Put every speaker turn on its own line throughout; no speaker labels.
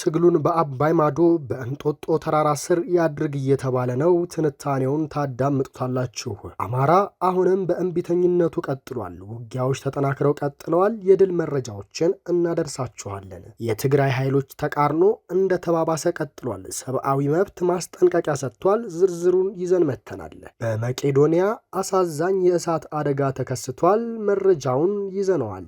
ትግሉን በአባይ ማዶ በእንጦጦ ተራራ ስር ያድርግ እየተባለ ነው። ትንታኔውን ታዳምጡታላችሁ። አማራ አሁንም በእንቢተኝነቱ ቀጥሏል። ውጊያዎች ተጠናክረው ቀጥለዋል። የድል መረጃዎችን እናደርሳችኋለን። የትግራይ ኃይሎች ተቃርኖ እንደ ተባባሰ ቀጥሏል። ሰብአዊ መብት ማስጠንቀቂያ ሰጥቷል። ዝርዝሩን ይዘን መተናል። በመቄዶንያ አሳዛኝ የእሳት አደጋ ተከስቷል። መረጃውን ይዘነዋል።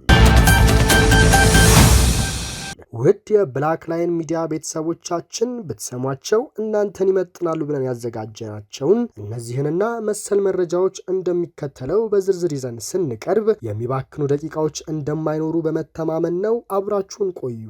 እንመኛለን። ውድ የብላክ ላይን ሚዲያ ቤተሰቦቻችን ብትሰሟቸው እናንተን ይመጥናሉ ብለን ያዘጋጀናቸውን እነዚህንና መሰል መረጃዎች እንደሚከተለው በዝርዝር ይዘን ስንቀርብ የሚባክኑ ደቂቃዎች እንደማይኖሩ በመተማመን ነው። አብራችሁን ቆዩ።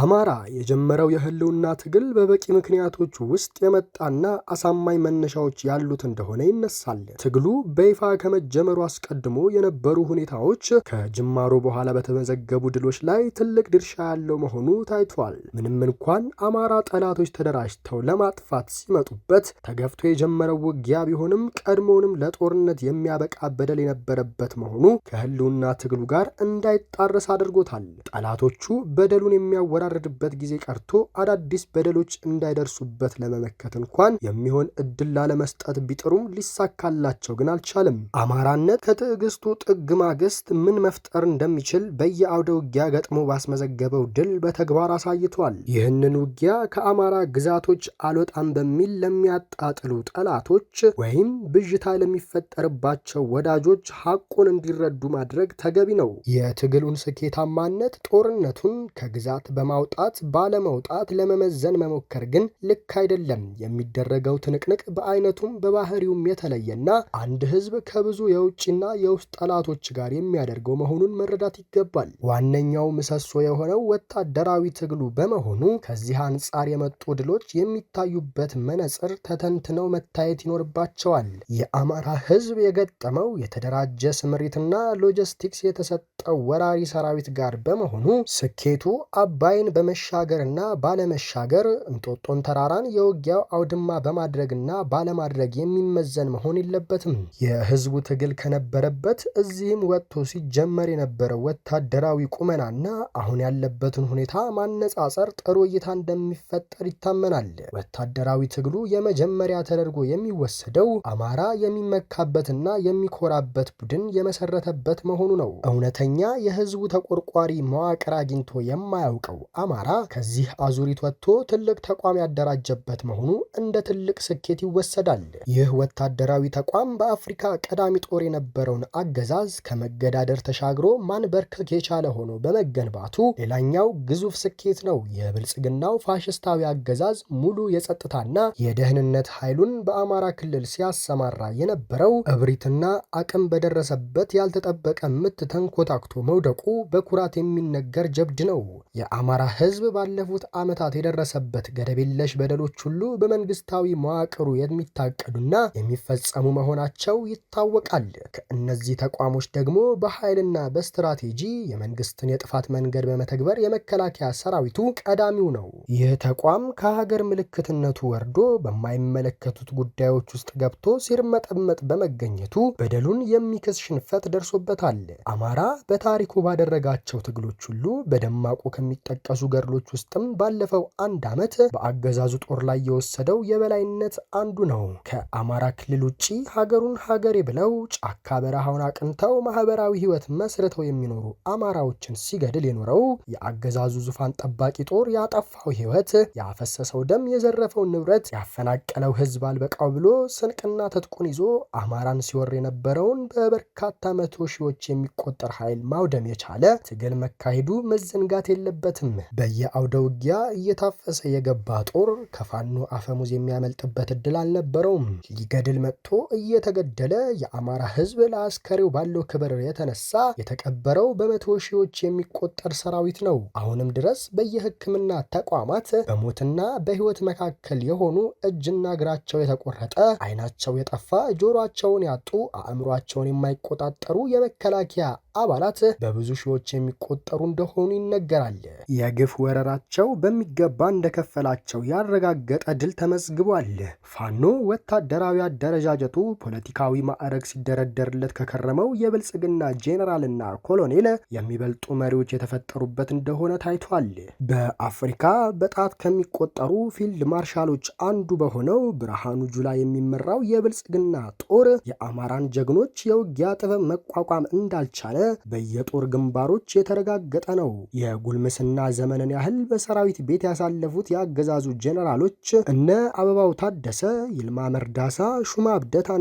አማራ የጀመረው የህልውና ትግል በበቂ ምክንያቶች ውስጥ የመጣና አሳማኝ መነሻዎች ያሉት እንደሆነ ይነሳል። ትግሉ በይፋ ከመጀመሩ አስቀድሞ የነበሩ ሁኔታዎች ከጅማሮ በኋላ በተመዘገቡ ድሎች ላይ ትልቅ ድርሻ ያለው መሆኑ ታይቷል። ምንም እንኳን አማራ ጠላቶች ተደራጅተው ለማጥፋት ሲመጡበት ተገፍቶ የጀመረው ውጊያ ቢሆንም ቀድሞውንም ለጦርነት የሚያበቃ በደል የነበረበት መሆኑ ከህልውና ትግሉ ጋር እንዳይጣረስ አድርጎታል። ጠላቶቹ በደሉን የሚያወ የሚወራረድበት ጊዜ ቀርቶ አዳዲስ በደሎች እንዳይደርሱበት ለመመከት እንኳን የሚሆን እድል ላለመስጠት ቢጥሩም ሊሳካላቸው ግን አልቻለም። አማራነት ከትዕግስቱ ጥግ ማግስት ምን መፍጠር እንደሚችል በየአውደ ውጊያ ገጥሞ ባስመዘገበው ድል በተግባር አሳይቷል። ይህንን ውጊያ ከአማራ ግዛቶች አልወጣም በሚል ለሚያጣጥሉ ጠላቶች ወይም ብዥታ ለሚፈጠርባቸው ወዳጆች ሐቁን እንዲረዱ ማድረግ ተገቢ ነው። የትግሉን ስኬታማነት ጦርነቱን ከግዛት በማ ማውጣት ባለመውጣት ለመመዘን መሞከር ግን ልክ አይደለም። የሚደረገው ትንቅንቅ በአይነቱም በባህሪውም የተለየና አንድ ህዝብ ከብዙ የውጭና የውስጥ ጠላቶች ጋር የሚያደርገው መሆኑን መረዳት ይገባል። ዋነኛው ምሰሶ የሆነው ወታደራዊ ትግሉ በመሆኑ ከዚህ አንጻር የመጡ ድሎች የሚታዩበት መነጽር ተተንትነው መታየት ይኖርባቸዋል። የአማራ ህዝብ የገጠመው የተደራጀ ስምሪትና ሎጂስቲክስ የተሰጠው ወራሪ ሰራዊት ጋር በመሆኑ ስኬቱ አባይ በመሻገር በመሻገርና ባለመሻገር እንጦጦን ተራራን የውጊያው አውድማ በማድረግና ባለማድረግ የሚመዘን መሆን የለበትም። የህዝቡ ትግል ከነበረበት እዚህም ወጥቶ ሲጀመር የነበረው ወታደራዊ ቁመናና አሁን ያለበትን ሁኔታ ማነጻጸር ጥሩ እይታ እንደሚፈጠር ይታመናል። ወታደራዊ ትግሉ የመጀመሪያ ተደርጎ የሚወሰደው አማራ የሚመካበትና የሚኮራበት ቡድን የመሰረተበት መሆኑ ነው። እውነተኛ የህዝቡ ተቆርቋሪ መዋቅር አግኝቶ የማያውቀው አማራ ከዚህ አዙሪት ወጥቶ ትልቅ ተቋም ያደራጀበት መሆኑ እንደ ትልቅ ስኬት ይወሰዳል። ይህ ወታደራዊ ተቋም በአፍሪካ ቀዳሚ ጦር የነበረውን አገዛዝ ከመገዳደር ተሻግሮ ማንበርከክ የቻለ ሆኖ በመገንባቱ ሌላኛው ግዙፍ ስኬት ነው። የብልጽግናው ፋሽስታዊ አገዛዝ ሙሉ የጸጥታና የደህንነት ኃይሉን በአማራ ክልል ሲያሰማራ የነበረው እብሪትና አቅም በደረሰበት ያልተጠበቀ ምት ተንኮታክቶ መውደቁ በኩራት የሚነገር ጀብድ ነው። የአማ የአማራ ሕዝብ ባለፉት ዓመታት የደረሰበት ገደብ የለሽ በደሎች ሁሉ በመንግስታዊ መዋቅሩ የሚታቀዱና የሚፈጸሙ መሆናቸው ይታወቃል። ከእነዚህ ተቋሞች ደግሞ በኃይልና በስትራቴጂ የመንግስትን የጥፋት መንገድ በመተግበር የመከላከያ ሰራዊቱ ቀዳሚው ነው። ይህ ተቋም ከሀገር ምልክትነቱ ወርዶ በማይመለከቱት ጉዳዮች ውስጥ ገብቶ ሲርመጠመጥ በመገኘቱ በደሉን የሚክስ ሽንፈት ደርሶበታል። አማራ በታሪኩ ባደረጋቸው ትግሎች ሁሉ በደማቁ ከሚጠቀ ከተጠቀሱ ገድሎች ውስጥም ባለፈው አንድ ዓመት በአገዛዙ ጦር ላይ የወሰደው የበላይነት አንዱ ነው። ከአማራ ክልል ውጭ ሀገሩን ሀገሬ ብለው ጫካ በረሃውን አቅንተው ማህበራዊ ህይወት መስርተው የሚኖሩ አማራዎችን ሲገድል የኖረው የአገዛዙ ዙፋን ጠባቂ ጦር ያጠፋው ህይወት፣ ያፈሰሰው ደም፣ የዘረፈው ንብረት፣ ያፈናቀለው ህዝብ አልበቃው ብሎ ስንቅና ትጥቁን ይዞ አማራን ሲወር የነበረውን በበርካታ መቶ ሺዎች የሚቆጠር ኃይል ማውደም የቻለ ትግል መካሄዱ መዘንጋት የለበትም። በየአውደ ውጊያ እየታፈሰ የገባ ጦር ከፋኖ አፈሙዝ የሚያመልጥበት እድል አልነበረውም። ሊገድል መጥቶ እየተገደለ የአማራ ህዝብ ለአስከሬው ባለው ክብር የተነሳ የተቀበረው በመቶ ሺዎች የሚቆጠር ሰራዊት ነው። አሁንም ድረስ በየህክምና ተቋማት በሞትና በህይወት መካከል የሆኑ እጅና እግራቸው የተቆረጠ፣ አይናቸው የጠፋ፣ ጆሮቸውን ያጡ፣ አእምሯቸውን የማይቆጣጠሩ የመከላከያ አባላት በብዙ ሺዎች የሚቆጠሩ እንደሆኑ ይነገራል። የግፍ ወረራቸው በሚገባ እንደከፈላቸው ያረጋገጠ ድል ተመዝግቧል። ፋኖ ወታደራዊ አደረጃጀቱ ፖለቲካዊ ማዕረግ ሲደረደርለት ከከረመው የብልጽግና ጄኔራልና ኮሎኔል የሚበልጡ መሪዎች የተፈጠሩበት እንደሆነ ታይቷል። በአፍሪካ በጣት ከሚቆጠሩ ፊልድ ማርሻሎች አንዱ በሆነው ብርሃኑ ጁላ የሚመራው የብልጽግና ጦር የአማራን ጀግኖች የውጊያ ጥበብ መቋቋም እንዳልቻለ በየጦር ግንባሮች የተረጋገጠ ነው። የጉልምስና ዘመንን ያህል በሰራዊት ቤት ያሳለፉት የአገዛዙ ጀነራሎች እነ አበባው ታደሰ፣ ይልማ መርዳሳ፣ ሹማ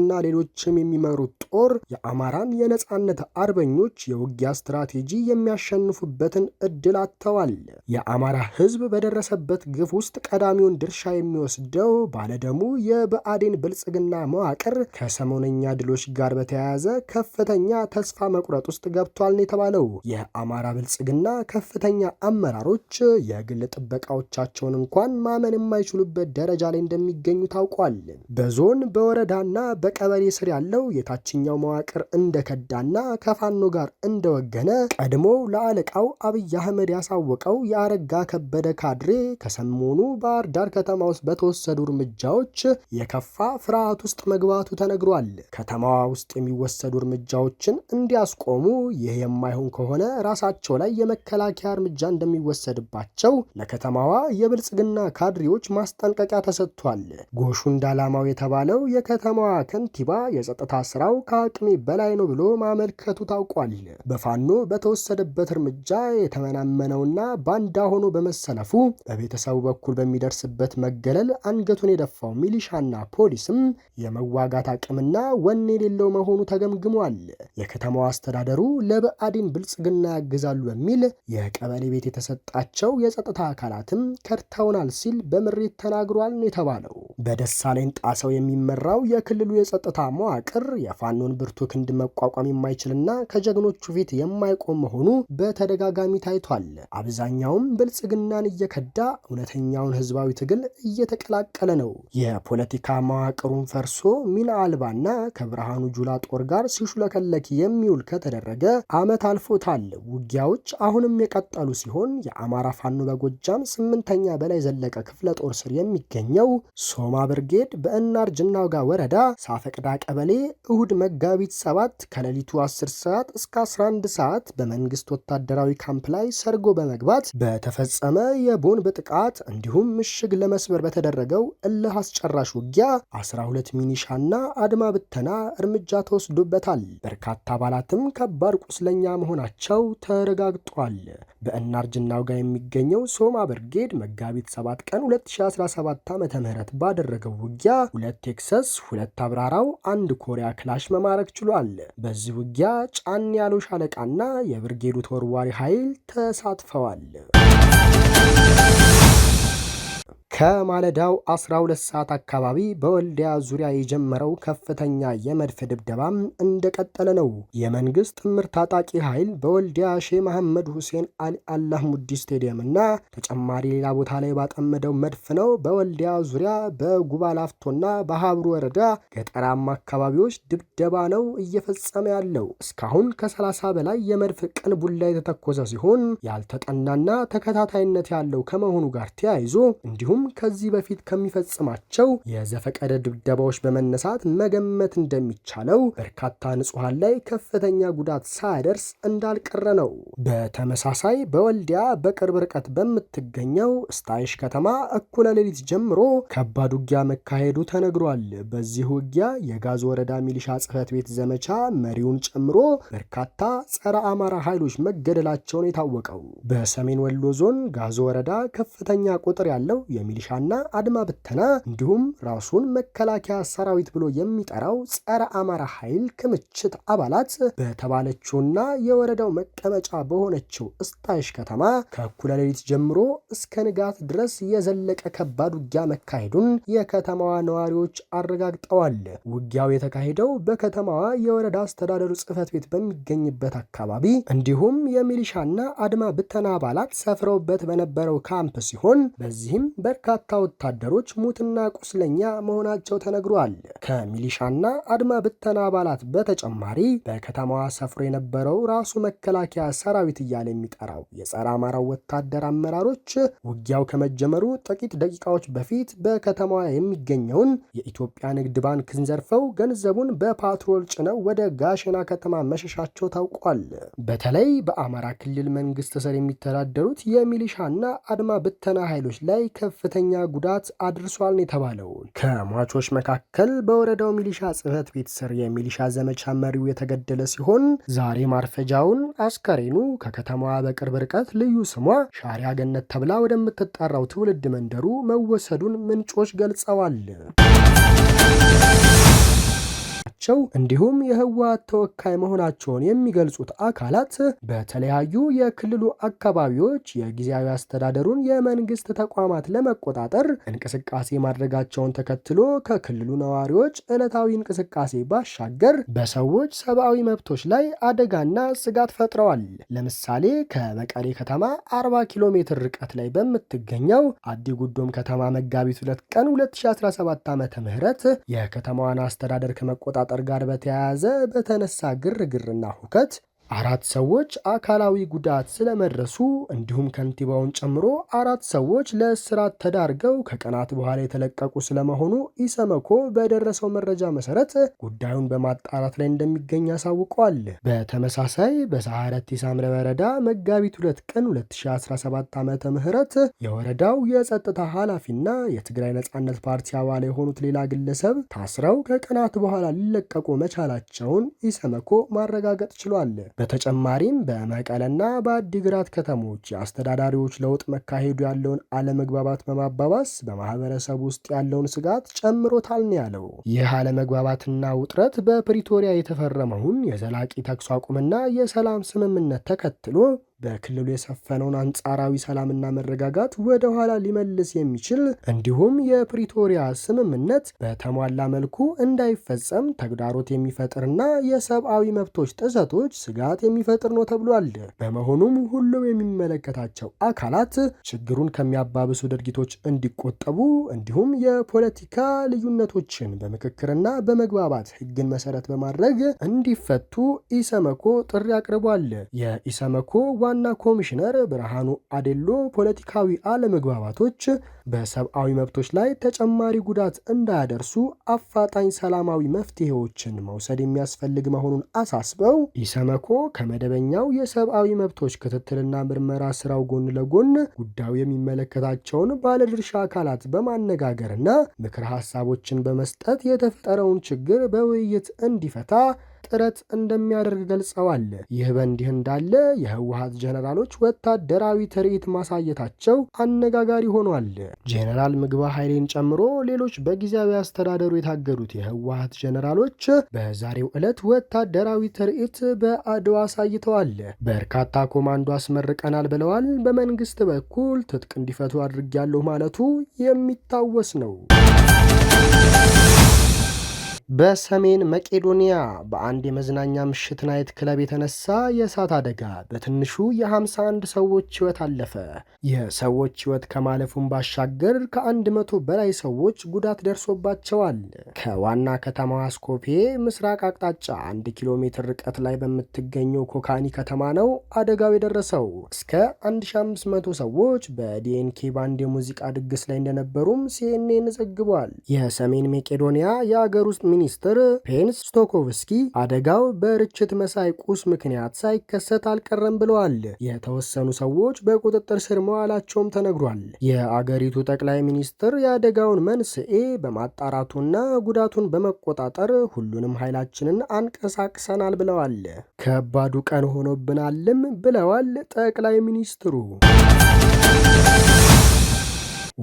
እና ሌሎችም የሚመሩት ጦር የአማራን የነጻነት አርበኞች የውጊያ ስትራቴጂ የሚያሸንፉበትን እድል አጥተዋል። የአማራ ሕዝብ በደረሰበት ግፍ ውስጥ ቀዳሚውን ድርሻ የሚወስደው ባለደሙ የብአዴን ብልጽግና መዋቅር ከሰሞነኛ ድሎች ጋር በተያያዘ ከፍተኛ ተስፋ መቁረጥ ውስጥ ገብቷል ነው የተባለው። የአማራ ብልጽግና ከፍተኛ አመራሮች የግል ጥበቃዎቻቸውን እንኳን ማመን የማይችሉበት ደረጃ ላይ እንደሚገኙ ታውቋል። በዞን በወረዳና በቀበሌ ስር ያለው የታችኛው መዋቅር እንደከዳና ከፋኖ ጋር እንደወገነ ቀድሞ ለአለቃው አብይ አህመድ ያሳወቀው የአረጋ ከበደ ካድሬ ከሰሞኑ ባህር ዳር ከተማ ውስጥ በተወሰዱ እርምጃዎች የከፋ ፍርሃት ውስጥ መግባቱ ተነግሯል። ከተማዋ ውስጥ የሚወሰዱ እርምጃዎችን እንዲያስቆሙ ይህ የማይሆን ከሆነ ራሳቸው ላይ የመከላከያ እርምጃ እንደሚወሰድባቸው ለከተማዋ የብልጽግና ካድሬዎች ማስጠንቀቂያ ተሰጥቷል። ጎሹን ዳላማው የተባለው የከተማዋ ከንቲባ የጸጥታ ስራው ከአቅሜ በላይ ነው ብሎ ማመልከቱ ታውቋል። በፋኖ በተወሰደበት እርምጃ የተመናመነውና ባንዳ ሆኖ በመሰለፉ በቤተሰቡ በኩል በሚደርስበት መገለል አንገቱን የደፋው ሚሊሻና ፖሊስም የመዋጋት አቅምና ወኔ የሌለው መሆኑ ተገምግሟል። የከተማዋ አስተዳደሩ ለብአዴን ብልጽግና ያግዛሉ በሚል የቀበሌ ቤት የተሰጣቸው የጸጥታ አካላትም ከድተውናል ሲል በምሬት ተናግሯል ነው የተባለው። በደሳለኝ ጣሰው የሚመራው የክልሉ የጸጥታ መዋቅር የፋኖን ብርቱ ክንድ መቋቋም የማይችልና ከጀግኖቹ ፊት የማይቆም መሆኑ በተደጋጋሚ ታይቷል። አብዛኛውም ብልጽግናን እየከዳ እውነተኛውን ህዝባዊ ትግል እየተቀላቀለ ነው። የፖለቲካ መዋቅሩን ፈርሶ ሚና አልባና ከብርሃኑ ጁላ ጦር ጋር ሲሹለከለክ የሚውል ከተደረገ ከተደረገ ዓመት አልፎታል። ውጊያዎች አሁንም የቀጠሉ ሲሆን የአማራ ፋኖ በጎጃም ስምንተኛ በላይ ዘለቀ ክፍለ ጦር ስር የሚገኘው ሶማ ብርጌድ በእናር ጅናውጋ ወረዳ ሳፈቅዳ ቀበሌ እሁድ መጋቢት 7 ከሌሊቱ 10 ሰዓት እስከ 11 ሰዓት በመንግስት ወታደራዊ ካምፕ ላይ ሰርጎ በመግባት በተፈጸመ የቦንብ ጥቃት እንዲሁም ምሽግ ለመስበር በተደረገው እልህ አስጨራሽ ውጊያ 12 ሚኒሻና አድማ ብተና እርምጃ ተወስዶበታል። በርካታ አባላትም ከባድ ከባድ ቁስለኛ መሆናቸው ተረጋግጧል። በእናርጅናው ጋር የሚገኘው ሶማ ብርጌድ መጋቢት 7 ቀን 2017 ዓ ም ባደረገው ውጊያ ሁለት ቴክሳስ፣ ሁለት አብራራው፣ አንድ ኮሪያ ክላሽ መማረክ ችሏል። በዚህ ውጊያ ጫን ያለው ሻለቃና የብርጌዱ ተወርዋሪ ኃይል ተሳትፈዋል። ከማለዳው 12 ሰዓት አካባቢ በወልዲያ ዙሪያ የጀመረው ከፍተኛ የመድፍ ድብደባም እንደቀጠለ ነው። የመንግስት ጥምር ታጣቂ ኃይል በወልዲያ ሼህ መሐመድ ሁሴን አሊ አላህ ሙዲ ስቴዲየም እና ተጨማሪ ሌላ ቦታ ላይ ባጠመደው መድፍ ነው በወልዲያ ዙሪያ በጉባ ላፍቶና በሀብሩ ወረዳ ገጠራማ አካባቢዎች ድብደባ ነው እየፈጸመ ያለው። እስካሁን ከ30 በላይ የመድፍ ቡላ የተተኮሰ ሲሆን ያልተጠናና ተከታታይነት ያለው ከመሆኑ ጋር ተያይዞ እንዲሁም ከዚህ በፊት ከሚፈጽማቸው የዘፈቀደ ድብደባዎች በመነሳት መገመት እንደሚቻለው በርካታ ንጹሐን ላይ ከፍተኛ ጉዳት ሳያደርስ እንዳልቀረ ነው። በተመሳሳይ በወልዲያ በቅርብ ርቀት በምትገኘው ስታይሽ ከተማ እኩለ ሌሊት ጀምሮ ከባድ ውጊያ መካሄዱ ተነግሯል። በዚህ ውጊያ የጋዝ ወረዳ ሚሊሻ ጽህፈት ቤት ዘመቻ መሪውን ጨምሮ በርካታ ጸረ አማራ ኃይሎች መገደላቸውን የታወቀው በሰሜን ወሎ ዞን ጋዞ ወረዳ ከፍተኛ ቁጥር ያለው የሚሊ ሚሊሻና አድማ ብተና እንዲሁም ራሱን መከላከያ ሰራዊት ብሎ የሚጠራው ጸረ አማራ ኃይል ክምችት አባላት በተባለችውና የወረዳው መቀመጫ በሆነችው እስታይሽ ከተማ ከእኩለ ሌሊት ጀምሮ እስከ ንጋት ድረስ የዘለቀ ከባድ ውጊያ መካሄዱን የከተማዋ ነዋሪዎች አረጋግጠዋል። ውጊያው የተካሄደው በከተማዋ የወረዳ አስተዳደሩ ጽህፈት ቤት በሚገኝበት አካባቢ እንዲሁም የሚሊሻና አድማ ብተና አባላት ሰፍረውበት በነበረው ካምፕ ሲሆን በዚህም በር በርካታ ወታደሮች ሙትና ቁስለኛ መሆናቸው ተነግሯል። ከሚሊሻና አድማ ብተና አባላት በተጨማሪ በከተማዋ ሰፍሮ የነበረው ራሱ መከላከያ ሰራዊት እያለ የሚጠራው የጸረ አማራው ወታደር አመራሮች ውጊያው ከመጀመሩ ጥቂት ደቂቃዎች በፊት በከተማዋ የሚገኘውን የኢትዮጵያ ንግድ ባንክን ዘርፈው ገንዘቡን በፓትሮል ጭነው ወደ ጋሸና ከተማ መሸሻቸው ታውቋል። በተለይ በአማራ ክልል መንግስት ስር የሚተዳደሩት የሚሊሻና አድማ ብተና ኃይሎች ላይ ከፍ ከፍተኛ ጉዳት አድርሷል ነው የተባለው። ከሟቾች መካከል በወረዳው ሚሊሻ ጽህፈት ቤት ስር የሚሊሻ ዘመቻ መሪው የተገደለ ሲሆን ዛሬ ማርፈጃውን አስከሬኑ ከከተማዋ በቅርብ ርቀት ልዩ ስሟ ሻሪያ ገነት ተብላ ወደምትጠራው ትውልድ መንደሩ መወሰዱን ምንጮች ገልጸዋል። መሆናቸው እንዲሁም የህወሓት ተወካይ መሆናቸውን የሚገልጹት አካላት በተለያዩ የክልሉ አካባቢዎች የጊዜያዊ አስተዳደሩን የመንግስት ተቋማት ለመቆጣጠር እንቅስቃሴ ማድረጋቸውን ተከትሎ ከክልሉ ነዋሪዎች ዕለታዊ እንቅስቃሴ ባሻገር በሰዎች ሰብአዊ መብቶች ላይ አደጋና ስጋት ፈጥረዋል። ለምሳሌ ከመቀሌ ከተማ 40 ኪሎ ሜትር ርቀት ላይ በምትገኘው አዲ ጉዶም ከተማ መጋቢት 2 ቀን 2017 ዓ ም የከተማዋን አስተዳደር ከመቆጣጠር መቆጣጠር ጋር በተያያዘ በተነሳ ግርግርና ሁከት አራት ሰዎች አካላዊ ጉዳት ስለመድረሱ እንዲሁም ከንቲባውን ጨምሮ አራት ሰዎች ለእስራት ተዳርገው ከቀናት በኋላ የተለቀቁ ስለመሆኑ ኢሰመኮ በደረሰው መረጃ መሰረት ጉዳዩን በማጣራት ላይ እንደሚገኝ አሳውቋል። በተመሳሳይ በሰሐረቲ ሳምረ ወረዳ መጋቢት ሁለት ቀን 2017 ዓ ም የወረዳው የጸጥታ ኃላፊና የትግራይ ነጻነት ፓርቲ አባል የሆኑት ሌላ ግለሰብ ታስረው ከቀናት በኋላ ሊለቀቁ መቻላቸውን ኢሰመኮ ማረጋገጥ ችሏል። በተጨማሪም በመቀለና በአዲግራት ከተሞች የአስተዳዳሪዎች ለውጥ መካሄዱ ያለውን አለመግባባት በማባባስ በማህበረሰብ ውስጥ ያለውን ስጋት ጨምሮታል ነው ያለው። ይህ አለመግባባትና ውጥረት በፕሪቶሪያ የተፈረመውን የዘላቂ ተኩስ አቁምና የሰላም ስምምነት ተከትሎ በክልሉ የሰፈነውን አንጻራዊ ሰላምና መረጋጋት ወደ ኋላ ሊመልስ የሚችል እንዲሁም የፕሪቶሪያ ስምምነት በተሟላ መልኩ እንዳይፈጸም ተግዳሮት የሚፈጥርና የሰብአዊ መብቶች ጥሰቶች ስጋት የሚፈጥር ነው ተብሏል። በመሆኑም ሁሉም የሚመለከታቸው አካላት ችግሩን ከሚያባብሱ ድርጊቶች እንዲቆጠቡ እንዲሁም የፖለቲካ ልዩነቶችን በምክክርና በመግባባት ሕግን መሰረት በማድረግ እንዲፈቱ ኢሰመኮ ጥሪ አቅርቧል። የኢሰመኮ ዋና ኮሚሽነር ብርሃኑ አዴሎ ፖለቲካዊ አለመግባባቶች በሰብአዊ መብቶች ላይ ተጨማሪ ጉዳት እንዳያደርሱ አፋጣኝ ሰላማዊ መፍትሄዎችን መውሰድ የሚያስፈልግ መሆኑን አሳስበው ኢሰመኮ ከመደበኛው የሰብአዊ መብቶች ክትትልና ምርመራ ስራው ጎን ለጎን ጉዳዩ የሚመለከታቸውን ባለድርሻ አካላት በማነጋገርና ምክር ሀሳቦችን በመስጠት የተፈጠረውን ችግር በውይይት እንዲፈታ ጥረት እንደሚያደርግ ገልጸዋል። ይህ በእንዲህ እንዳለ የህወሀት ጀነራሎች ወታደራዊ ትርኢት ማሳየታቸው አነጋጋሪ ሆኗል። ጀነራል ምግበ ኃይሌን ጨምሮ ሌሎች በጊዜያዊ አስተዳደሩ የታገዱት የህወሀት ጀነራሎች በዛሬው ዕለት ወታደራዊ ትርኢት በአድዋ አሳይተዋል። በርካታ ኮማንዶ አስመርቀናል ብለዋል። በመንግስት በኩል ትጥቅ እንዲፈቱ አድርጊያለሁ ማለቱ የሚታወስ ነው። በሰሜን መቄዶንያ በአንድ የመዝናኛ ምሽት ናይት ክለብ የተነሳ የእሳት አደጋ በትንሹ የ51 ሰዎች ሕይወት አለፈ። የሰዎች ሕይወት ከማለፉን ባሻገር ከአንድ መቶ በላይ ሰዎች ጉዳት ደርሶባቸዋል። ከዋና ከተማዋ ስኮፔ ምስራቅ አቅጣጫ አንድ ኪሎ ሜትር ርቀት ላይ በምትገኘው ኮካኒ ከተማ ነው አደጋው የደረሰው። እስከ 1500 ሰዎች በዲኤንኬ ባንድ የሙዚቃ ድግስ ላይ እንደነበሩም ሲኤንኤን ዘግቧል። የሰሜን መቄዶንያ የአገር ውስጥ ሚኒስትር ፔንስ ስቶኮቭስኪ አደጋው በርችት መሳይ ቁስ ምክንያት ሳይከሰት አልቀረም ብለዋል። የተወሰኑ ሰዎች በቁጥጥር ስር መዋላቸውም ተነግሯል። የአገሪቱ ጠቅላይ ሚኒስትር የአደጋውን መንስኤ በማጣራቱና ጉዳቱን በመቆጣጠር ሁሉንም ኃይላችንን አንቀሳቅሰናል ብለዋል። ከባዱ ቀን ሆኖብናልም ብለዋል ጠቅላይ ሚኒስትሩ።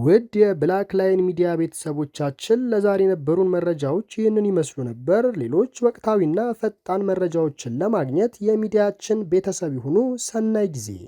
ውድ የብላክ ላይን ሚዲያ ቤተሰቦቻችን ለዛሬ የነበሩን መረጃዎች ይህንን ይመስሉ ነበር። ሌሎች ወቅታዊና ፈጣን መረጃዎችን ለማግኘት የሚዲያችን ቤተሰብ ይሁኑ። ሰናይ ጊዜ